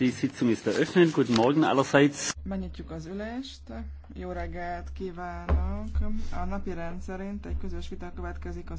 Die Sitzung ist eröffnet. Guten Morgen allerseits. Megnyitjuk az ülést. Jó reggelt kívánok. A napi rendszerint egy közös vita következik az